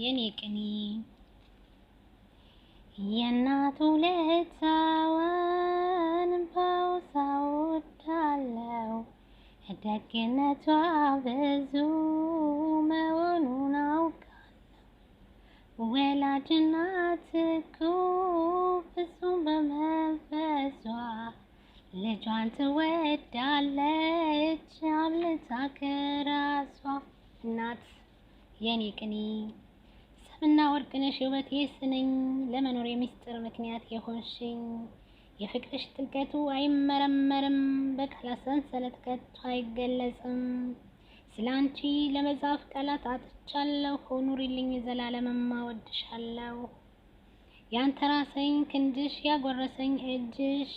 የኔ ቅኔ የእናቱ ለህፃዋን ባውሳወዳለው ደግነቷ ብዙ መሆኑን አውቃለሁ። ወላጅ እናት እኮ ፍጹም በመንፈሷ ልጇን ትወዳለች አብልታ ከራሷ። እናት የኔ ቅኔ እና ወርቅነሽ ውበት የስነኝ ለመኖር የሚስጥር ምክንያት የሆንሽኝ የፍቅርሽ ጥልቀቱ አይመረመርም፣ በቃላት ሰንሰለት ከቶ አይገለጽም። ስለ አንቺ ለመጻፍ ቃላት አጥቻለሁ። ኑሪልኝ ዘላለምማ ወድሻለሁ። ያንተራሰኝ ክንድሽ ያጎረሰኝ እጅሽ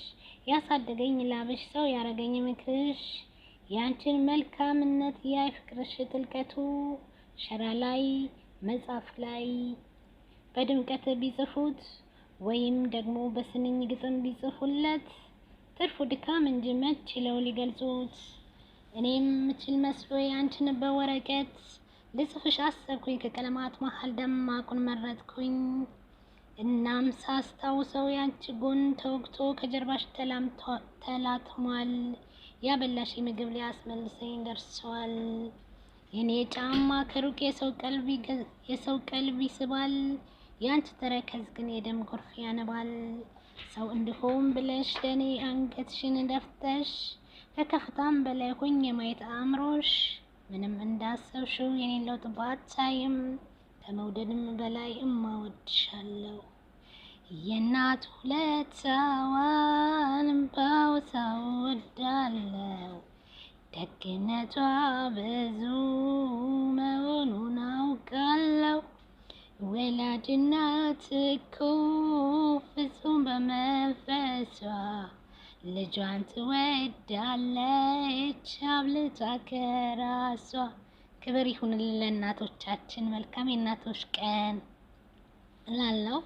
ያሳደገኝ ላብሽ ሰው ያረገኝ ምክርሽ ያንቺን መልካምነት ያይ ፍቅርሽ ጥልቀቱ ሸራ ላይ መጽሐፍ ላይ በድምቀት ቢጽፉት ወይም ደግሞ በስንኝ ግጥም ቢጽፉለት ትርፉ ድካም እንጂ መች ሊገልጹት። እኔም ምችል መስሎ አንቺን በወረቀት ልጽፍሽ አሰብኩኝ፣ ከቀለማት መሀል ደማቁን መረጥኩኝ። እናም ሳስታውሰው ያንቺ ጎን ተወግቶ ከጀርባሽ ተላትሟል። ያበላሽ ምግብ ሊያስመልሰኝ ደርሷል። የኔ ጫማ ከሩቅ የሰው ቀልብ ይስባል፣ ያንቺ ተረከዝ ግን የደም ጎርፍ ያነባል። ሰው እንድሆን ብለሽ ለኔ አንገትሽን ደፍተሽ ከከፍታም በላይ ሆኝ የማየት አእምሮሽ ምንም እንዳሰብሽው የኔን ለውጥ ባታይም ከመውደድም በላይ እማወድሻለሁ። የእናት ሁለት ሰዋንም ባውሳ ወዳለው ደግነቷ ብዙ ወዳጅ እኮ ፍጹም በመንፈሷ ልጇን ትወዳለች አብልጫ ከራሷ። ክብር ይሁን ለእናቶቻችን። መልካም የእናቶች ቀን እላለሁ።